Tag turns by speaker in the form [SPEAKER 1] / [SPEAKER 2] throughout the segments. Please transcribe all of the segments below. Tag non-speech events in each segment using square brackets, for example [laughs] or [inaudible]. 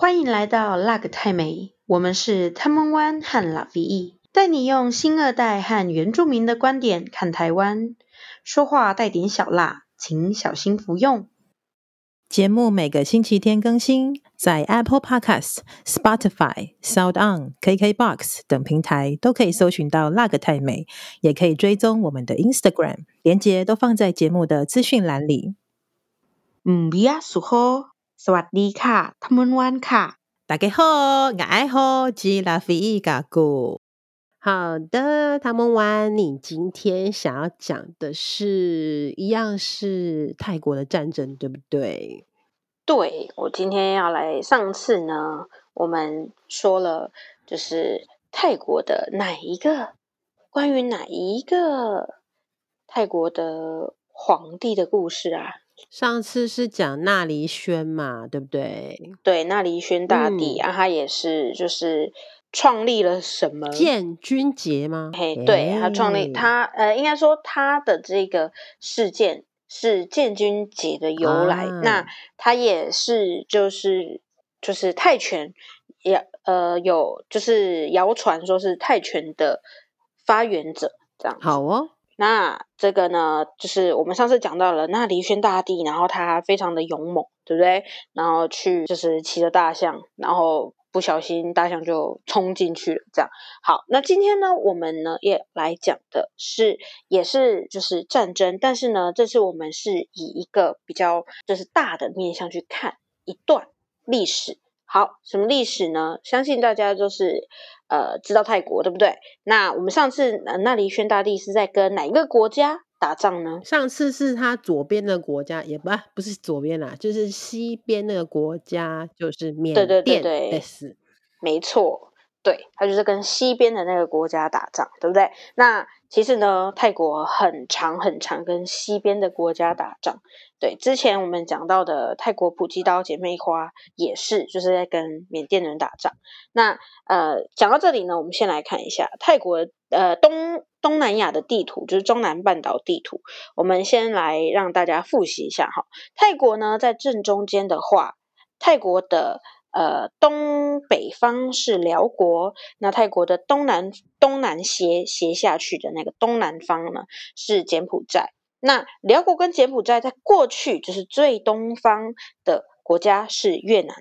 [SPEAKER 1] 歡迎來到《辣個泰美》，我們是湯門灣和老 V，帶你用新二代和原住民的觀點看台灣。說話帶點小辣，請小心服用。節目
[SPEAKER 2] 每個星期天更新，在 Apple Podcasts、Spotify、Sound On、KK Box 等平台都可以搜尋到《辣個泰美》，也可以追蹤我們的 Instagram，連接都放在節目的資訊欄裡。嗯，不要說好。สวัสดีค่ะทัมมอนวันค่ะ大家好，我愛好吉拉菲加古。好的，他們玩，你今天想要講的是一樣是泰國的戰爭，對不對？
[SPEAKER 1] 對，我今天要來。上次呢，我們說了就是泰國的哪一個關於哪一個泰國的皇帝的故事啊？
[SPEAKER 2] 上次是講納黎宣嘛，對不對？
[SPEAKER 1] 對，納黎宣大帝、嗯、啊，他也是就是創立了什麼建
[SPEAKER 2] 軍節嗎？嘿，對，哎、他創立他
[SPEAKER 1] 呃，應該說他的這個事件是建軍節的由來。啊、那他也是就是就是泰拳也呃有就是謠傳說是泰拳的發源者這樣。好哦。那這個呢，就是我們上次講到了，納黎萱大帝，然後他非常的勇猛，對不對？然後去就是騎着大象，然後不小心大象就衝進去了，這樣。好，那今天呢，我們呢也來講的是，也是就是戰爭，但是呢，這次我們是以一個比較就是大的面向去看一段歷史。好，什麼歷史呢？相信大家就是。呃，知道泰國對不對？那我們上次、呃、那黎宣大帝是在跟哪一個國家
[SPEAKER 2] 打仗呢？上次是他左邊的國家，也不不是左邊啦、啊，就是西邊那個國家，就是緬甸，對，對對，對，對，
[SPEAKER 1] 沒錯。對，它就是跟西邊的那個國家打仗，對不對？那其實呢，泰國很常很常跟西邊的國家打仗。對，之前我們講到的泰國普吉島姐妹花也是，就是在跟緬甸人打仗。那呃，講到這裡呢，我們先來看一下泰國呃東東南亞的地圖，就是中南半島地圖。我們先來讓大家複習一下哈，泰國呢在正中間的話，泰國的。呃，東北方是寮國，那泰國的東南、東南斜斜下去的那個東南方呢是柬埔寨。那寮國跟柬埔寨在過去，就是最東方的國家是越南。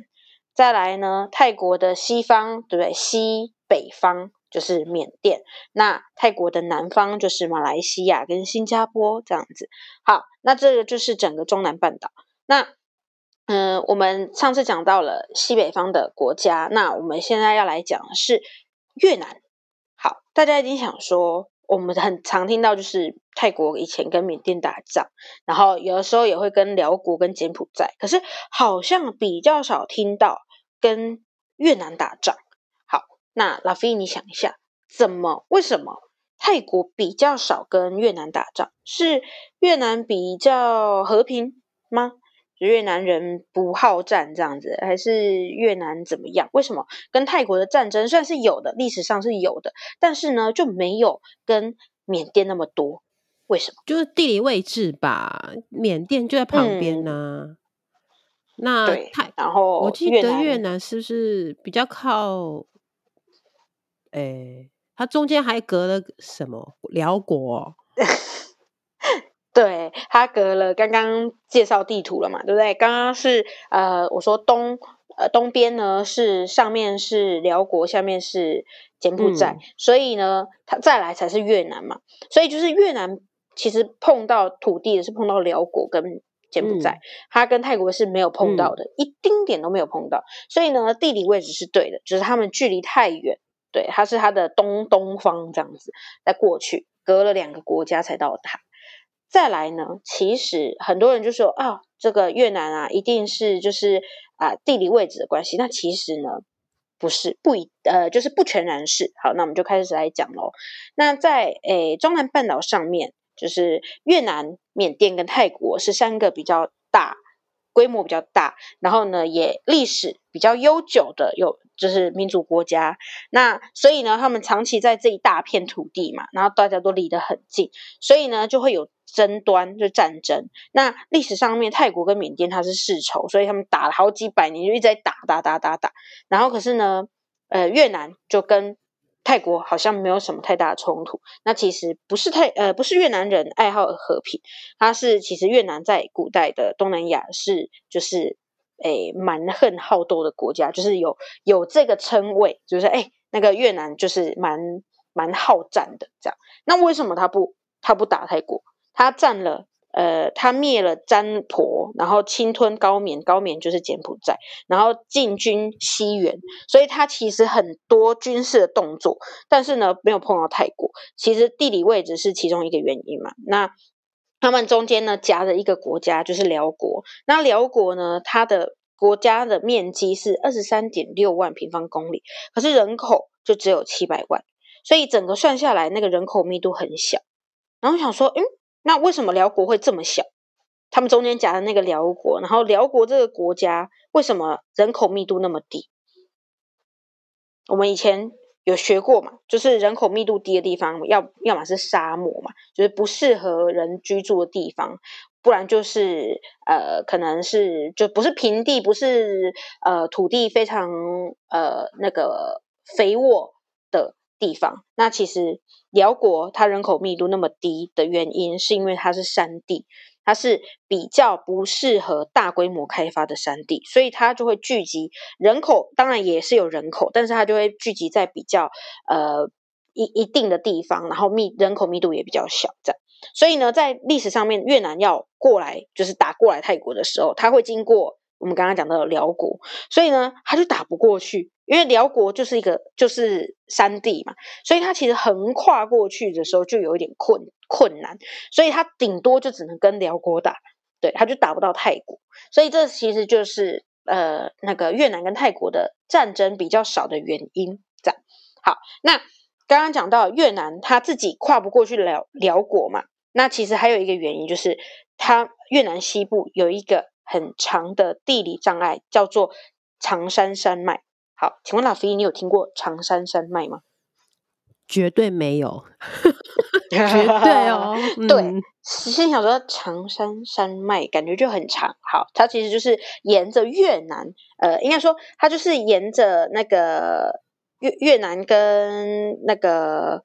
[SPEAKER 1] 再來呢，泰國的西方對不對？西北方就是緬甸。那泰國的南方就是馬來西亞跟新加坡這樣子。好，那這個就是整個中南半島。那。嗯，我們上次講到了西北方的國家，那我們現在要來講的是越南。好，大家已經想說，我們很常聽到就是泰國以前跟緬甸打仗，然後有的時候也會跟寮國跟柬埔寨，可是好像比較少聽到跟越南打仗。好，那老飛你想一下，怎麼？為什麼泰國比較少跟越南打仗？是越南比較和平嗎？越南人不好戰這樣子，還是越南怎麼樣？為什麼跟泰國的戰爭，算是有的，歷史上是有的，但是呢就沒有跟緬甸那麼多？為什麼？就是地理位置吧，
[SPEAKER 2] 緬甸就在旁邊呢、啊嗯。那
[SPEAKER 1] 泰，然後我記得越
[SPEAKER 2] 南是不是比較靠？哎，它、欸、中間還隔了什麼寮國、哦？ [laughs]
[SPEAKER 1] 對，它隔了剛剛介紹地圖了嘛，對不對？剛剛是呃，我說東呃東邊呢是上面是寮國，下面是柬埔寨，嗯、所以呢，它再來才是越南嘛。所以就是越南其實碰到土地是碰到寮國跟柬埔寨，它、嗯、跟泰國是沒有碰到的、嗯，一丁點都沒有碰到。所以呢，地理位置是對的，只、就是他們距離太遠。對，它是它的東東方這樣子，再過去隔了兩個國家才到達。再來呢，其實很多人就說啊，這個越南啊，一定是就是啊、呃、地理位置的關係。那其實呢，不是不一呃，就是不全然是。好，那我們就開始來講嘍。那在誒、呃、中南半島上面，就是越南、緬甸跟泰國是三個比較大、規模比較大，然後呢也歷史比較悠久的有。就是民主國家，那所以呢，他們長期在這一大片土地嘛，然後大家都離得很近，所以呢就會有爭端，就戰爭。那歷史上面，泰國跟緬甸它是世仇，所以他們打了好幾百年，就一直在打打打打打。然後可是呢，呃，越南就跟泰國好像沒有什麼太大的衝突。那其實不是泰，呃，不是越南人愛好和平，它是其實越南在古代的東南亞是就是。誒蠻橫好鬥的國家，就是有有這個稱謂，就是誒、欸、那個越南就是蠻蠻好戰的這樣。那為什麼他不他不打泰國？他佔了呃，他滅了占婆，然後侵吞高棉，高棉就是柬埔寨，然後進軍西原，所以他其實很多軍事的動作，但是呢，沒有碰到泰國。其實地理位置是其中一個原因嘛？那。他們中間呢，夾着一個國家，就是寮國。那寮國呢，它的國家的面積是二十三點六萬平方公里，可是人口就只有七百萬，所以整個算下來，那個人口密度很小。然後想說，嗯，那為什麼寮國會這麼小？他們中間夾的那個寮國，然後寮國這個國家為什麼人口密度那麼低？我們以前。有學過嘛？就是人口密度低的地方要，要要麼是沙漠嘛，就是不適合人居住的地方，不然就是呃，可能是就不是平地，不是呃土地非常呃那個肥沃的地方。那其實寮國它人口密度那麼低的原因，是因為它是山地。它是比較不適合大規模開發的山地，所以它就會聚集人口，當然也是有人口，但是它就會聚集在比較呃一一定的地方，然後密人口密度也比較小，這樣。所以呢，在歷史上面，越南要過來就是打過來泰國的時候，它會經過我們剛剛講到的寮國，所以呢，它就打不過去，因為寮國就是一個就是山地嘛，所以它其實橫跨過去的時候就有一點困難。困難，所以他頂多就只能跟寮國打，對，他就打不到泰國，所以這其實就是呃，那個越南跟泰國的戰爭比較少的原因。這樣，好，那剛剛講到越南他自己跨不過去寮寮國嘛，那其實還有一個原因就是，他越南西部有一個很長的地理障礙，叫做長山山脈。好，請問老師，你有聽過長山山脈嗎？
[SPEAKER 2] 絕對沒有。 [laughs]
[SPEAKER 1] 對哦， [laughs] 對，其實、嗯、想說長山山脈感覺就很長，好，它其實就是沿着越南，呃，應該說它就是沿着那個越越南跟那個。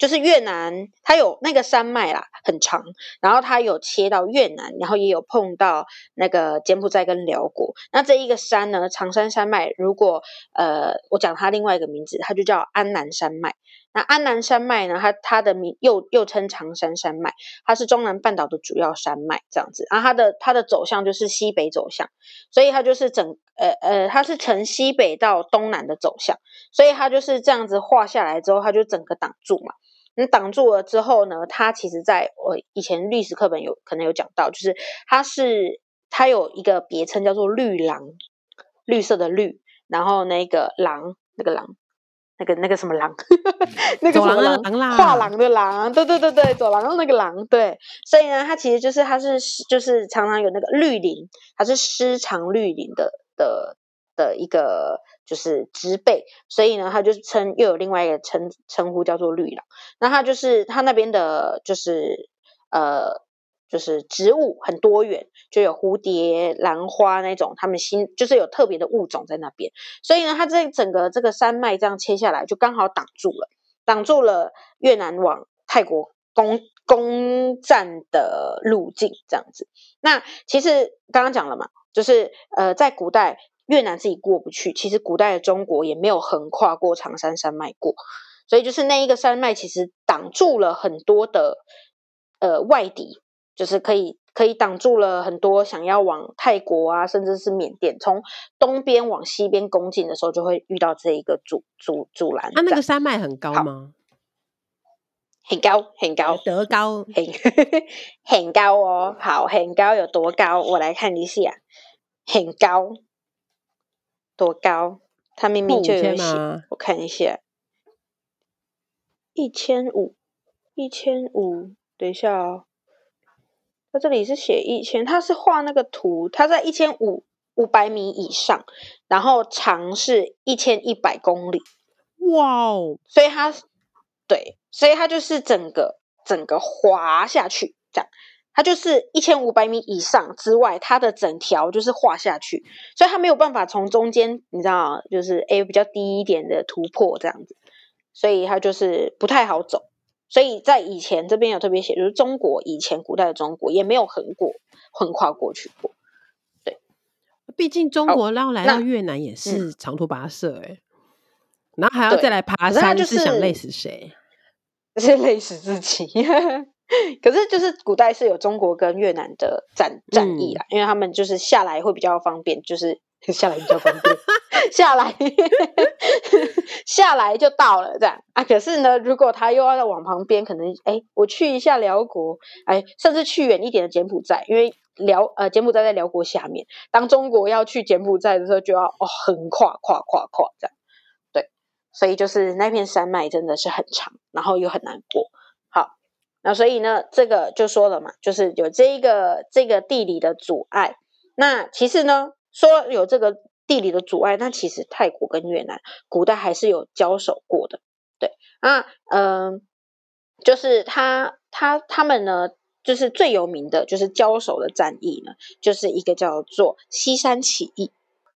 [SPEAKER 1] 就是越南，它有那個山脈啦，很長，然後它有切到越南，然後也有碰到那個柬埔寨跟寮國。那這一個山呢，長山山脈，如果呃，我講它另外一個名字，它就叫安南山脈。那安南山脈呢，它它的名又又稱長山山脈，它是中南半島的主要山脈，這樣子。然後它的它的走向就是西北走向，所以它就是整呃呃，它是從西北到東南的走向，所以它就是這樣子畫下來之後，它就整個擋住嘛。你、嗯、擋住了之後呢，它其實在我，哦，以前歷史課本有可能有講到，就是它是它有一個別稱叫做“綠狼”，綠色的綠，然後那個狼，那個狼，那個那個什麼狼，那個什麼狼，畫，嗯、廊 [laughs] 的，的廊，對對對對，走廊那個廊，對，所以呢，它其實就是它是就是常常有那個綠林，它是失常綠林的的。的一個就是植被，所以呢，它就是稱又有另外一個稱稱呼叫做綠島。那它就是它那邊的就是呃，就是植物很多元，就有蝴蝶、蘭花那種，它們新就是有特別的物種在那邊。所以呢，它這整個這個山脈這樣切下來，就剛好擋住了，擋住了越南往泰國攻攻佔的路徑，這樣子。那其實剛剛講了嘛，就是呃，在古代。越南自己過不去，其實古代的中國也沒有橫跨過長山山脈過，所以就是那一個山脈其實擋住了很多的呃外敵，就是可以可以擋住了很多想要往泰國啊，甚至是緬甸從東邊往西邊攻進的時候，就會遇到這一個阻阻阻攔。那、啊、那個山
[SPEAKER 2] 脈很高嗎？
[SPEAKER 1] 很高，很高，德高很 [laughs] 很高哦，好，很高有多高？我來看一下，很高。多高？他明明就有寫，我看一下，一千五，一千五。等一下哦，它這裡是寫一千，它是畫那個圖，它在一千五五百米以上，然後長是一千一百公里。哇哦！所以它對，所以它就是整個整個滑下去這樣。它就是一千五百米以上之外，它的整條就是畫下去，所以它沒有辦法從中間，你知道就是哎、欸，比較低一點的突破這樣子，所以它就是不太好走。所以在以前這邊有特別寫，就是中國以前古代的中國也沒有橫過、橫跨過去過。對，畢竟
[SPEAKER 2] 中國繞來到越南也是長途跋涉哎、欸嗯，然後還要再來爬山，是就是想累死誰？
[SPEAKER 1] 是累死自己。 [laughs] [laughs] 可是，就是古代是有中國跟越南的戰戰役啦、嗯，因為他們就是下來會比較方便，就是下來比較方便， [laughs] 下來 [laughs] 下來就到了這樣啊。可是呢，如果他又要往旁邊，可能哎、欸，我去一下寮國，哎、欸，甚至去遠一點的柬埔寨，因為寮呃柬埔寨在寮國下面。當中國要去柬埔寨的時候，就要哦橫跨跨跨跨跨這樣，對，所以就是那片山脈真的是很長，然後又很難過。那所以呢，這個就說了嘛，就是有這一個這個地理的阻礙。那其實呢，說有這個地理的阻礙，那其實泰國跟越南古代還是有交手過的，對啊，嗯、呃，就是他他他們呢，就是最有名的就是交手的戰役呢，就是一個叫做西山起義。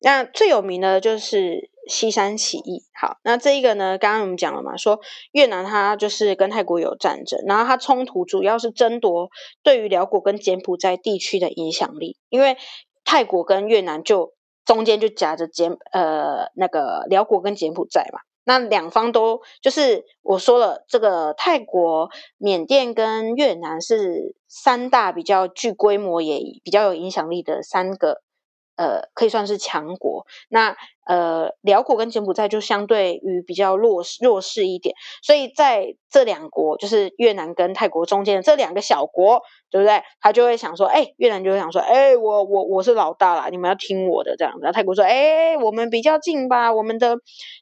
[SPEAKER 1] 那最有名的就是。西山起義。好，那這一個呢？剛剛我們講了嘛，說越南它就是跟泰國有戰爭，然後它衝突主要是爭奪對於寮國跟柬埔寨地區的影響力，因為泰國跟越南就中間就夾着柬，呃，那個寮國跟柬埔寨嘛。那兩方都就是我說了，這個泰國、緬甸跟越南是三大比較具規模也比較有影響力的三個呃，可以算是強國。那呃，寮國跟柬埔寨就相對於比較弱勢，弱勢一點，所以在這兩國，就是越南跟泰國中間的這兩個小國，對不對？他就會想說，哎、欸，越南就會想說，哎、欸，我我我是老大啦，你們要聽我的這樣子。然後泰國說，哎、欸，我們比較近吧，我們的，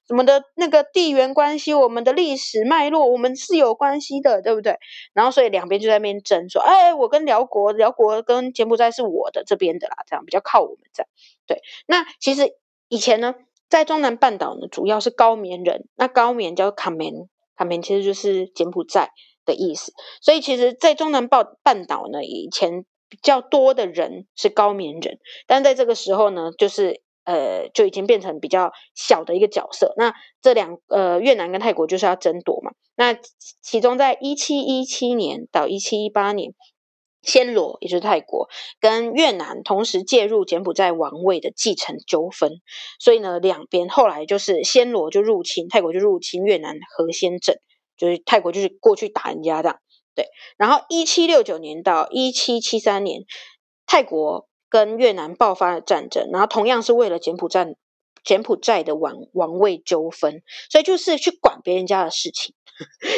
[SPEAKER 1] 我們的那個地緣關係，我們的歷史脈絡，我們是有關係的，對不對？然後所以兩邊就在那邊爭，說，哎、欸，我跟寮國，寮國跟柬埔寨是我的這邊的啦，這樣比較靠我們這樣。對，那其實。以前呢，在中南半島呢，主要是高棉人。那高棉叫卡棉，卡棉其實就是柬埔寨的意思。所以，其實，在中南半半島呢，以前比較多的人是高棉人。但在這個時候呢，就是呃，就已經變成比較小的一個角色。那這兩呃，越南跟泰國就是要爭奪嘛。那其中，在一七一七年到一七一八年。暹羅也就是泰國跟越南同時介入柬埔寨王位的繼承糾紛，所以呢，兩邊後來就是暹羅就入侵泰國就入侵越南河仙鎮，就是泰國就是過去打人家仗，對。然後一七六九年到一七七三年，泰國跟越南爆發了戰爭，然後同樣是為了柬埔寨。柬埔寨的王王位糾紛，所以就是去管別人家的事情，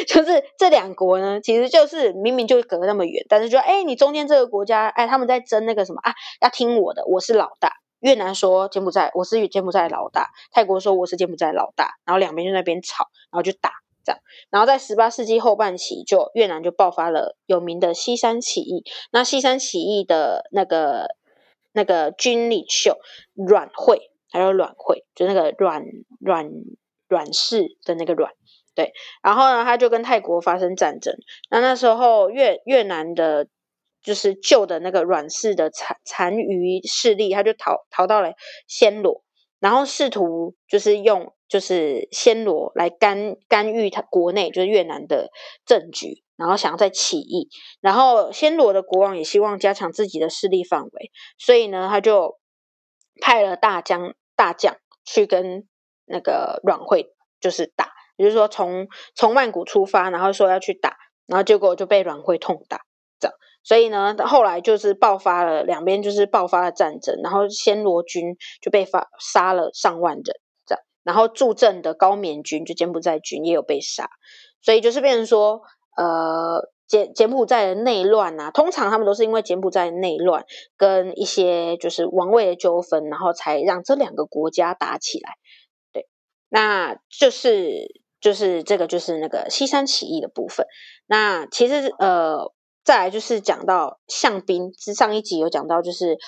[SPEAKER 1] 就是這兩國呢，其實就是明明就隔那麼遠，但是就哎、欸，你中間這個國家，哎、欸，他們在爭那個什麼啊，要聽我的，我是老大。越南說柬埔寨，我是柬埔寨老大；泰國說我是柬埔寨老大，然後兩邊就那邊吵，然後就打這樣。然後在十八世紀後半期就，就越南就爆發了有名的西山起義。那西山起義的那個那個軍領袖阮惠。還有阮惠，就那個阮阮阮氏的那個阮，對。然後呢，他就跟泰國發生戰爭。那那時候越越南的，就是舊的那個阮氏的殘殘餘勢力，他就逃逃到了暹羅，然後試圖就是用就是暹羅來干干預他國內，就是越南的政局，然後想要再起義。然後暹羅的國王也希望加強自己的勢力範圍，所以呢，他就派了大將。大將去跟那個阮惠就是，打，也就是說從從曼谷出發，然後說要去打，然後結果就被阮惠痛打，這樣。所以呢，後來就是爆發了兩邊就是爆發了戰爭，然後暹羅軍就被發殺了上萬人，這樣。然後助陣的高棉軍就柬埔寨軍也有被殺，所以就是變成說，呃。柬柬埔寨的內亂啊，通常他們都是因為柬埔寨內亂跟一些就是王位的糾紛，然後才讓這兩個國家打起來。對，那就是就是這個就是那個西山起義的部分。那其實呃，再來就是講到象兵，之上一集有講到就是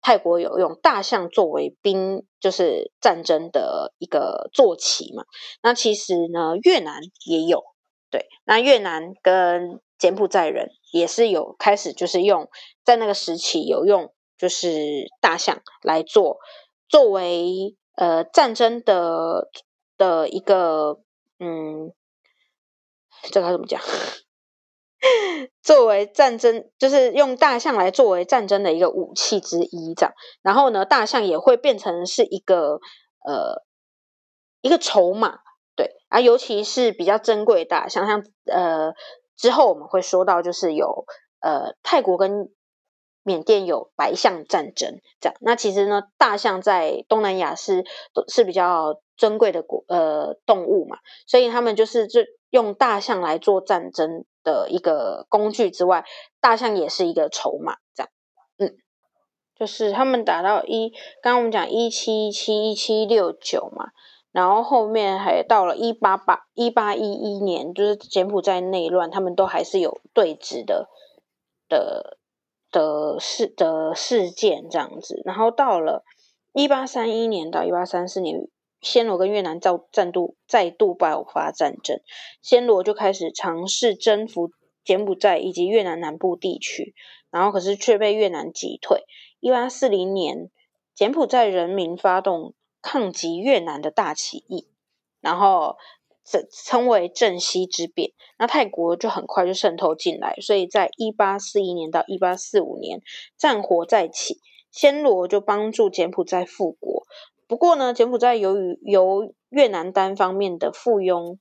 [SPEAKER 1] 泰國有用大象作為兵，就是戰爭的一個坐騎嘛。那其實呢，越南也有。對，那越南跟柬埔寨人也是有開始，就是用在那個時期有用，就是大象來做作為呃戰爭的的一個嗯，這該怎麼講？ [laughs] 作為戰爭就是用大象來作為戰爭的一個武器之一，這樣。然後呢，大象也會變成是一個呃一個籌碼，對啊，尤其是比較珍貴的大象，像呃。之後我們會說到，就是有呃泰國跟緬甸有白象戰爭這樣。那其實呢，大象在東南亞是是比較珍貴的國呃動物嘛，所以他們就是這用大象來做戰爭的一個工具之外，大象也是一個籌碼這樣。嗯，就是他們打到一，剛剛我們講一七一七一七六九嘛。然後後面還到了一八八一八一一年，就是柬埔寨內亂，他們都還是有對峙的的的,的事的事件這樣子。然後到了一八三一年到一八三四年，暹羅跟越南造戰再度再度爆發戰爭，暹羅就開始嘗試征服柬埔寨以及越南南部地區，然後可是卻被越南擊退。一八四零年，柬埔寨人民發動。抗擊越南的大起義，然後稱稱為鎮西之變。那泰國就很快就滲透進來，所以在一八四一年到一八四五年，戰火再起，暹羅就幫助柬埔寨復國。不過呢，柬埔寨由於由越南單方面的附庸，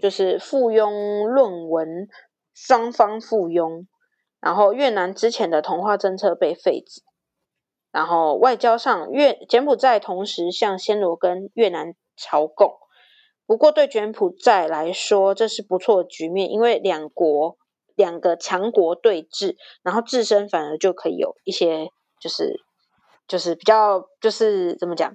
[SPEAKER 1] 就是附庸論文，雙方附庸，然後越南之前的同化政策被廢止。然後外交上，越柬埔寨同時向暹羅跟越南朝貢。不過，對柬埔寨來說，這是不錯的局面，因為兩國兩個強國對峙，然後自身反而就可以有一些，就是就是比較就是怎麼講。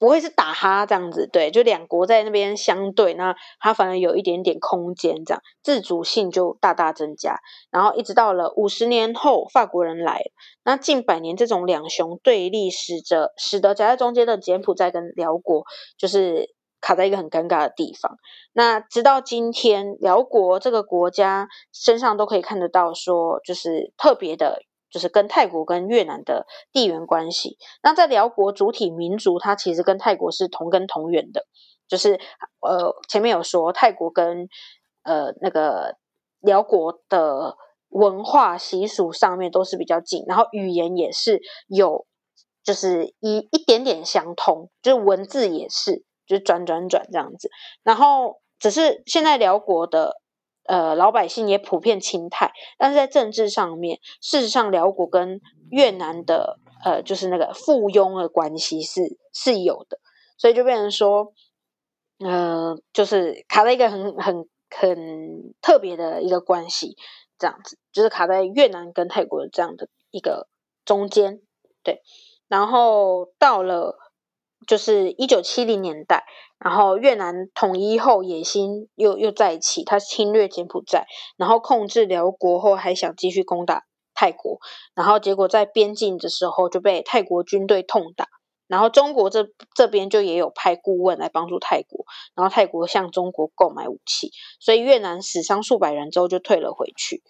[SPEAKER 1] 不會是打哈這樣子，對，就兩國在那邊相對，那它反而有一點點空間，這樣自主性就大大增加。然後一直到了五十年後，法國人來，那近百年這種兩雄對立使着，使得使得夾在中間的柬埔寨跟寮國，就是卡在一個很尷尬的地方。那直到今天，寮國這個國家身上都可以看得到，說就是特別的。就是跟泰國跟越南的地緣關係，那在寮國主體民族，它其實跟泰國是同根同源的。就是呃，前面有說泰國跟呃那個寮國的文化習俗上面都是比較近，然後語言也是有就是一一點點相通，就是文字也是就是轉轉轉這樣子。然後只是現在寮國的。呃，老百姓也普遍親泰，但是在政治上面，事實上，寮國跟越南的呃，就是那個附庸的關係是是有的，所以就變成說，呃，就是卡在一個很很很特別的一個關係，這樣子，就是卡在越南跟泰國的這樣的一個中間，對，然後到了。就是一九七零年代，然後越南統一後野心又又再起，他侵略柬埔寨，然後控制寮國後還想繼續攻打泰國，然後結果在邊境的時候就被泰國軍隊痛打，然後中國這這邊就也有派顧問來幫助泰國，然後泰國向中國購買武器，所以越南死傷數百人之後就退了回去，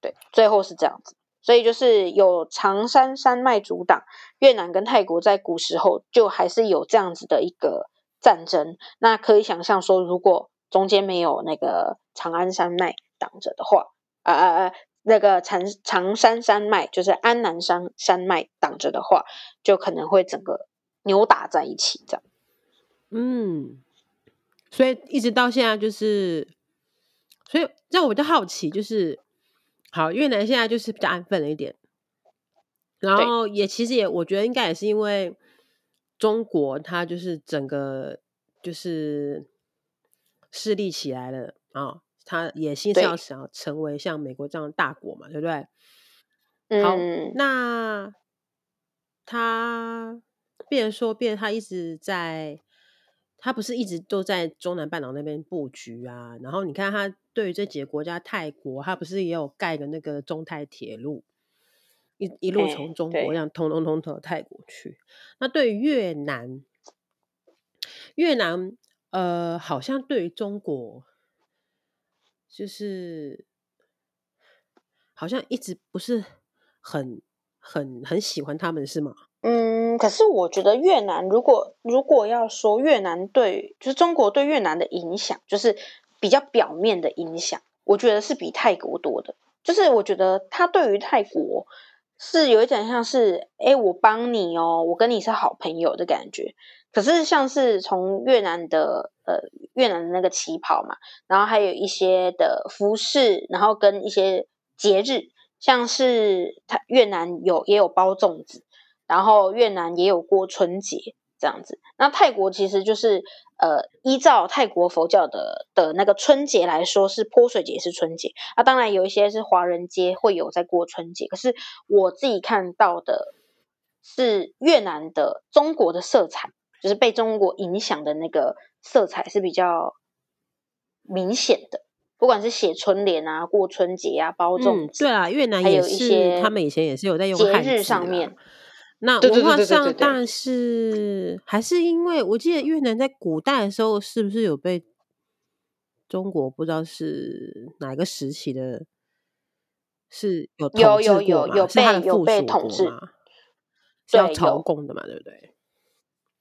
[SPEAKER 1] 對，最後是這樣子。所以就是有長山山脈阻擋越南跟泰國，在古時候就還是有這樣子的一個戰爭。那可以想象說，如果中間沒有那個長安山脈擋着的話，啊啊啊，那個長長山山脈就是安南山山脈擋着的話，就可能會整個扭打在一起這樣。嗯，
[SPEAKER 2] 所以一直到現在就是，所以讓我比較好奇就是。好，越南現在就是比較安分了一點，然後也其實也我覺得應該也是因為中國，它就是整個就是勢力起來了啊、哦，它野心是要想成為像美國這樣的大國嘛對，對不對？
[SPEAKER 1] 好，嗯、
[SPEAKER 2] 那他變成說，變成他一直在。他不是一直都在中南半島那邊布局啊，然後你看他對於這幾個國家，泰國他不是也有蓋個那個中泰鐵路，一一路從中國這樣 Okay, 通通通到泰國去。那對於越南，越南呃，好像對於中國就是好像一直不是很很很喜歡他們是嗎？
[SPEAKER 1] 嗯，可是我覺得越南，如果如果要說越南對，就是中國對越南的影響，就是比較表面的影響，我覺得是比泰國多的。就是我覺得他對於泰國是有一點像是，哎，我幫你哦，我跟你是好朋友的感覺。可是像是從越南的呃，越南的那個旗袍嘛，然後還有一些的服飾，然後跟一些節日，像是他越南有也有包粽子。然後越南也有過春節這樣子，那泰國其實就是呃依照泰國佛教的的那個春節來說，是潑水節是春節，那、啊、當然有一些是華人街會有在過春節，可是我自己看到的是越南的中國的色彩，就是被中國影響的那個色彩是比較明顯的，不管是寫春聯啊、過春節啊、包粽子、
[SPEAKER 2] 嗯，對啊，越南也還有一些他們以前也是有在用節日上
[SPEAKER 1] 面。那文化上，但是
[SPEAKER 2] 還是因為，我記得越南，在古代的時候，是不是有被中國不知道是哪個時期的是有，是有有有有被有被，有被統治嘛？
[SPEAKER 1] 有被有被統治是要
[SPEAKER 2] 朝貢的嘛？對不對？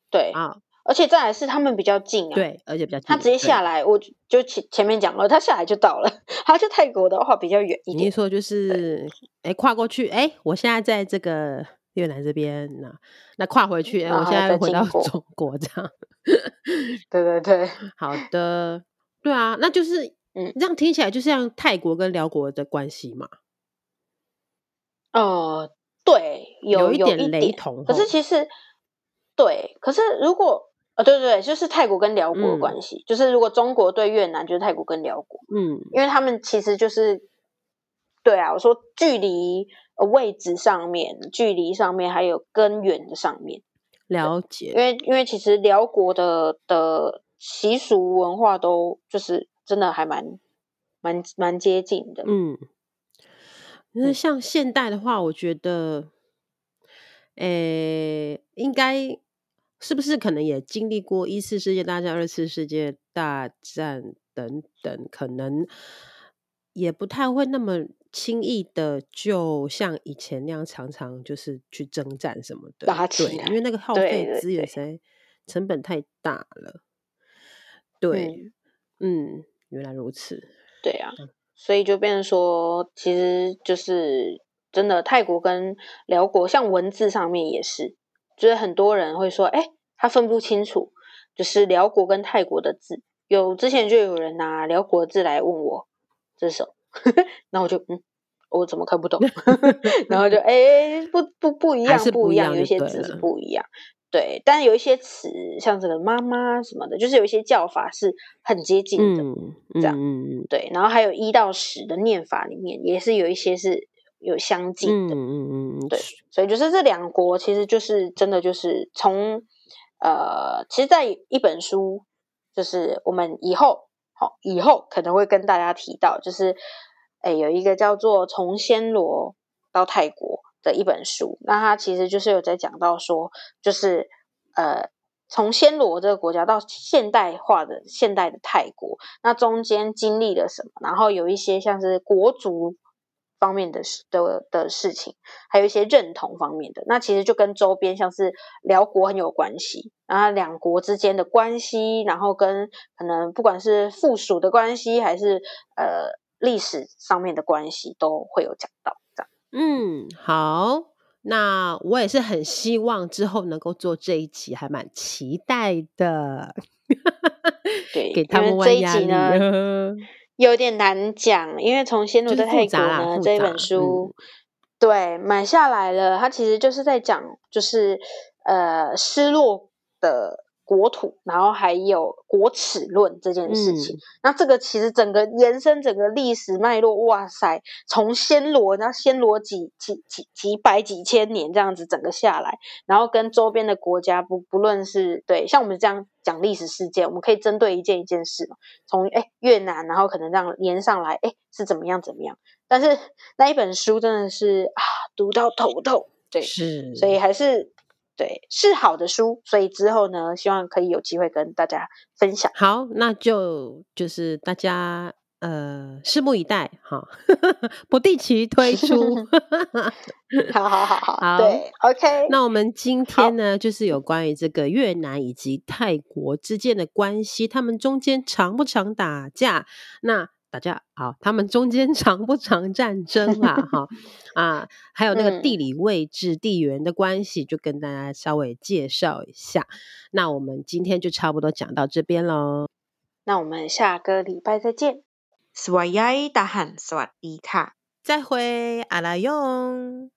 [SPEAKER 1] 對啊，而且再來是他們比較近啊，對，而且比較近，他直接下來，我就前前面講了，他下來就到了。 [laughs] 他去泰國的話比較遠
[SPEAKER 2] 一點，你說就是哎、欸、跨過去哎、欸，我現在在這個。越南這邊、啊，那那跨回去、欸，我現在回到中國，這樣， [laughs] 對對對，好的，對啊，那就是，嗯，這樣聽起來就像泰國跟寮國的關係嘛，
[SPEAKER 1] 哦、呃，對有，有一點雷同，有一點，可是其實，對，可是如果，啊、哦，對對，對就是泰國跟寮國關係、嗯，就是如果中國對越南，就是泰國跟寮國，嗯，因為他們其實就是，對啊，我說距離。呃，位置上面、距離上面，還有根源的上面，
[SPEAKER 2] 了解。
[SPEAKER 1] 因為因為其實遼國寮國的的習俗文化都就是真的還蠻蠻蠻接近的。嗯，
[SPEAKER 2] 那像現代的話，我覺得，誒、嗯欸，應該是不是可能也經歷過一次世界大戰、二次世界大戰等等，可能也不太會那麼。輕易的就像以前那樣，常常就是去征戰什麼的，啊、對，因為那個耗費資源成成本太大了對對對對。對，嗯，原來如此、嗯。
[SPEAKER 1] 對啊，所以就變成說，其實就是真的泰國跟寮國，像文字上面也是，就是很多人會說，哎、欸，他分不清楚，就是寮國跟泰國的字。有之前就有人拿寮國字來問我這是那 [laughs] 然後我就嗯。我怎麼看不懂 [laughs] [laughs] 然後就哎、欸，不不不，不，一不一樣，不一樣，有一些字是不一樣，對，但有一些詞，像這個媽媽什麼的，就是有一些叫法是很接近的，嗯、這樣，嗯對，然後還有一到十的念法裡面，也是有一些是有相近
[SPEAKER 2] 的，嗯對，
[SPEAKER 1] 所以就是這兩國其實就是真的就是從，呃，其實，在一本書，就是我們以後，以後可能會跟大家提到，就是。哎，有一個叫做《從暹羅到泰國》的一本書，那它其實就是有在講到說，就是呃，從暹羅這個國家到現代化的現代的泰國，那中間經歷了什麼？然後有一些像是國族方面的事的的事情，還有一些認同方面的，那其實就跟周邊像是寮國很有關係，然後兩國之間的關係，然後跟可能不管是附屬的關係，還是呃。歷史上面的關係都會有講到，這樣。
[SPEAKER 2] 嗯，好，那我也是很希望之後能夠做這一集，還蠻期待的。
[SPEAKER 1] [laughs] 對，給他們玩這一集呢，有點難講，因為從《先魯的黑狗》呢這一本書，嗯、對買下來了，它其實就是在講，就是呃失落的。國土，然後還有國恥論這件事情。嗯，那這個其實整個延伸整個歷史脈絡，哇塞，從暹羅，然後暹羅幾幾幾幾百幾千年這樣子整個下來，然後跟周邊的國家，不不論是對像我們這樣講歷史事件，我們可以針對一件一件事嘛，從誒越南，然後可能這樣連上來，哎是怎麼樣怎麼樣，但是那一本書真的是啊，讀到頭痛，對，是，所以還是。對，是好的書，所以之後呢，希望可以有機會跟大家分享。好，那
[SPEAKER 2] 就就是大家呃，拭目以待哈。好 [laughs] 不定期推出，
[SPEAKER 1] [laughs] [laughs] 好好好
[SPEAKER 2] 好，好對，OK。那我們今天呢，就是有關於這個越南以及泰國之間的關係，他們中間常不常打架？那好，啊，他們中間常不常戰爭嘛，啊？哈 [laughs] 啊，還有那個地理位置，地緣的關係，就跟大家稍微介紹一下。那我們今天就差不多講到這邊嘍。
[SPEAKER 1] 那我們下個禮拜再見，Swayaya 大喊 Swadita，再會阿拉勇。